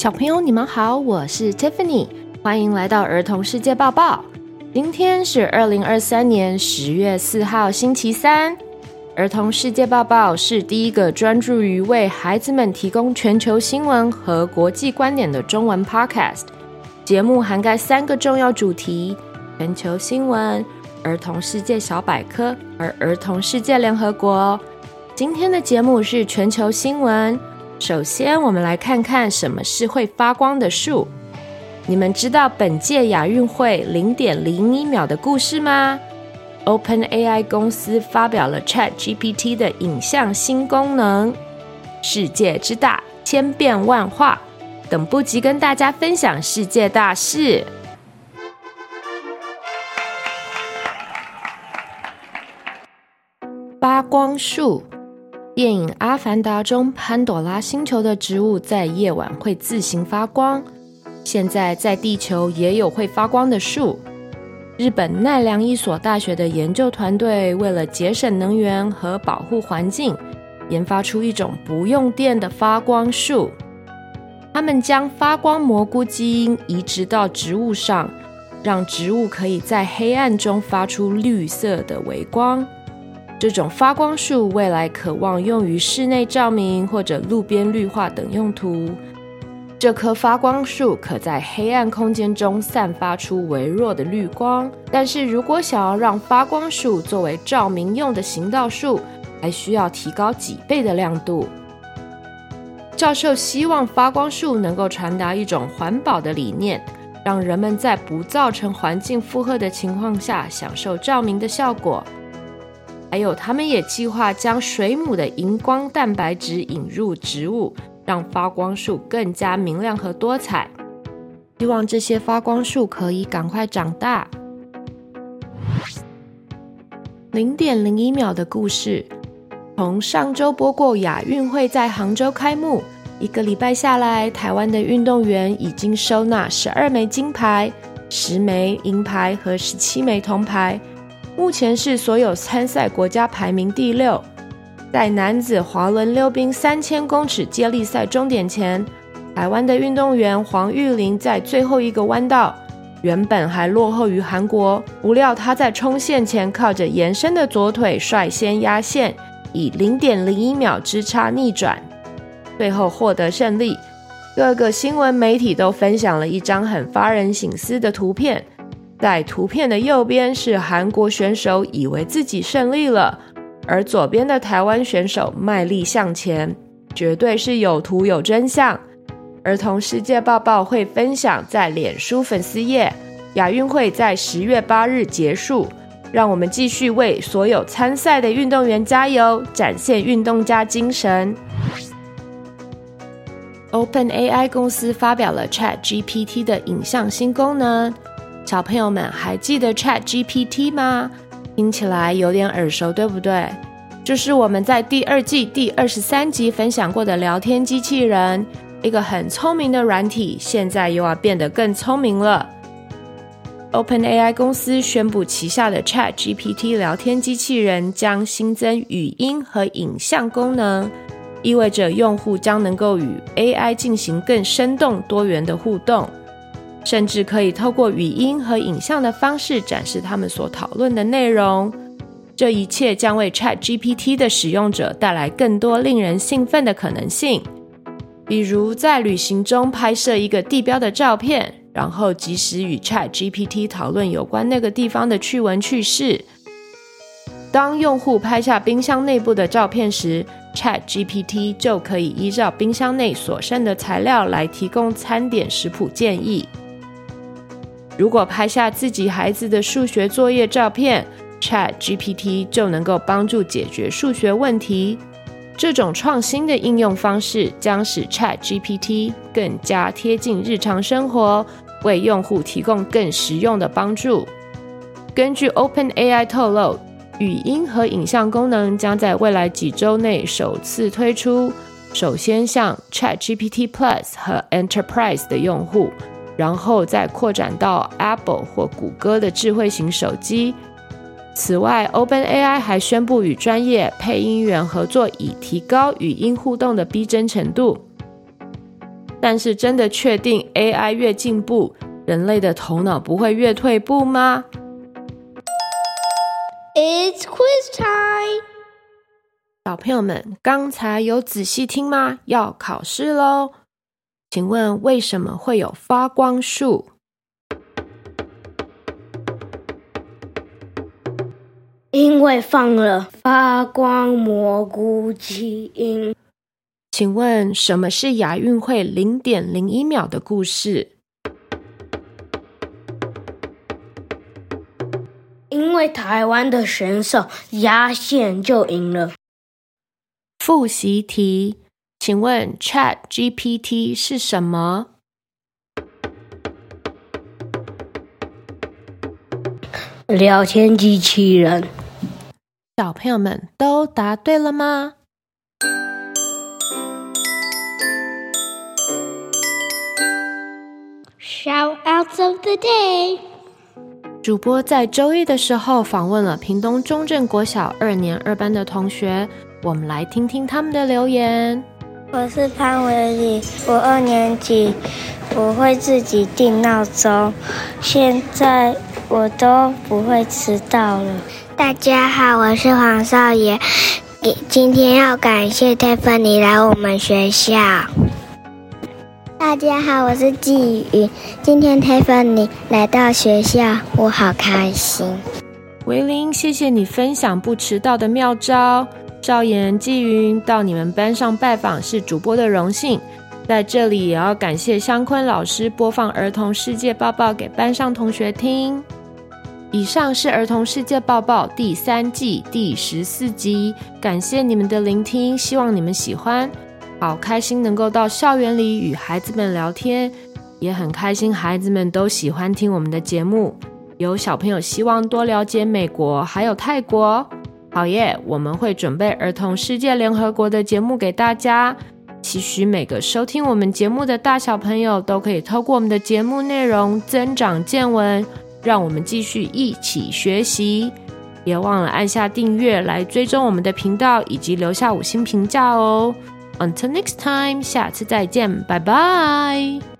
小朋友，你們好，我是 Tiffany，歡迎來到兒童世界報報。今天是二零二三年十月四號，星期三。兒童世界報報是第一個專注於為孩子們提供全球新聞和國際觀點的中文 podcast。節目涵蓋三個重要主題：全球新聞、兒童世界小百科，和兒童世界聯合國。今天的節目是全球新聞。首先，我們來看看什麼是會發光的樹。你們知道本屆亞運會零點零一秒的故事嗎？OpenAI 公司發表了 chatGPT 的影像新功能。世界之大，千變萬化，等不及跟大家分享世界大事。發光樹。電影《阿凡達》中，潘朵拉星球的植物在夜晚會自行發光。現在，在地球也有會發光的樹。日本奈良一所大學的研究團隊，為了節省能源和保護環境，研發出一種不用電的發光樹。他們將發光蘑菇基因移植到植物上，讓植物可以在黑暗中發出綠色的微光。這種發光樹未來可望用於室內照明或者路邊綠化等用途。這棵發光樹可在黑暗空間中散發出微弱的綠光，但是如果想要讓發光樹作為照明用的行道樹，還需要提高幾倍的亮度。教授希望發光樹能夠傳達一種環保的理念，讓人們在不造成環境負荷的情況下享受照明的效果。還有，他們也計劃將水母的熒光蛋白質引入植物，讓發光樹更加明亮和多彩。希望這些發光樹可以趕快長大。零點零一秒的故事，從上週播過。亞運會在杭州開幕，一個禮拜下來，台灣的運動員已經收納十二枚金牌、十枚銀牌和十七枚銅牌。目前是所有參賽國家排名第六。在男子滑輪溜冰三千公尺接力賽終點前，台灣的運動員黃玉玲在最後一個彎道，原本還落後於韓國，不料她在衝線前靠着延伸的左腿率先壓線，以零點零一秒之差逆轉，最後獲得勝利。各個新聞媒體都分享了一張很發人省思的圖片。在圖片的右邊是韓國選手，以為自己勝利了；而左邊的台灣選手賣力向前，絕對是有圖有真相。兒童世界報報會分享在臉書粉絲頁。亞運會在十月八日結束，讓我們繼續為所有參賽的運動員加油，展現運動家精神。OpenAI 公司發表了 ChatGPT 的影像新功能。小朋友們還記得 chatGPT 嗎？聽起來有點耳熟，對不對？這、就是我們在第二季第二十三集分享過的聊天機器人，一個很聰明的軟體，現在又要變得更聰明了。OpenAI 公司宣布，旗下的 chatGPT 聊天機器人將新增語音和影像功能，意味着用戶將能夠與 AI 進行更生動、多元的互動。甚至可以透過語音和影像的方式展示他們所討論的內容。這一切將為 Chat GPT 的使用者帶來更多令人興奮的可能性，比如在旅行中拍攝一個地標的照片，然後即時與 Chat GPT 討論有關那個地方的趣聞趣事。當用戶拍下冰箱內部的照片時，Chat GPT 就可以依照冰箱內所剩的材料來提供餐點食譜建議。如果拍下自己孩子的數學作業照片，ChatGPT 就能夠幫助解決數學問題。這種創新的應用方式將使 ChatGPT 更加貼近日常生活，為用戶提供更實用的幫助。根據 OpenAI 透露，語音和影像功能將在未來幾週內首次推出，首先向 ChatGPT Plus 和 Enterprise 的用戶。然後再擴展到 Apple 或谷歌的智慧型手機。此外，OpenAI 還宣布與專業配音員合作，以提高語音互動的逼真程度。但是，真的確定 AI 越進步，人類的頭腦不會越退步嗎？It's quiz time！小朋友們，剛才有仔細聽嗎？要考試嘍！請問為什麼會有發光樹？因為放了發光蘑菇基因。請問什麼是亞運會零點零一秒的故事？因為台灣的選手壓線就贏了。複習題。請問 ChatGPT 是什麼？聊天機器人。小朋友們都答對了嗎？Shout outs of the day。主播在周一的時候訪問了屏東中正國小二年二班的同學，我們來聽聽他們的留言。我是潘偉琳，我二年級，我會自己定鬧鐘，現在我都不會遲到了。大家好，我是黃少爺，今天要感謝 Tiffany 來我們學校。大家好，我是季宇，今天 Tiffany 來到學校，我好開心。偉林，謝謝你分享不遲到的妙招。趙妍、季云到你們班上拜訪，是主播的榮幸，在這裡也要感謝香坤老師播放《兒童世界報報》給班上同學聽。以上是《兒童世界報報》第三季第十四集，感謝你們的聆聽，希望你們喜歡。好開心能夠到校園裡與孩子們聊天，也很開心孩子們都喜歡聽我們的節目。有小朋友希望多了解美國，還有泰國。好耶！我們會準備《兒童世界聯合國》的節目給大家，期許每個收聽我們節目的大小朋友都可以透過我們的節目內容增長見聞。讓我們繼續一起學習，別忘了按下訂閱來追蹤我們的頻道，以及留下五星評價哦。Until next time，下次再見，拜拜。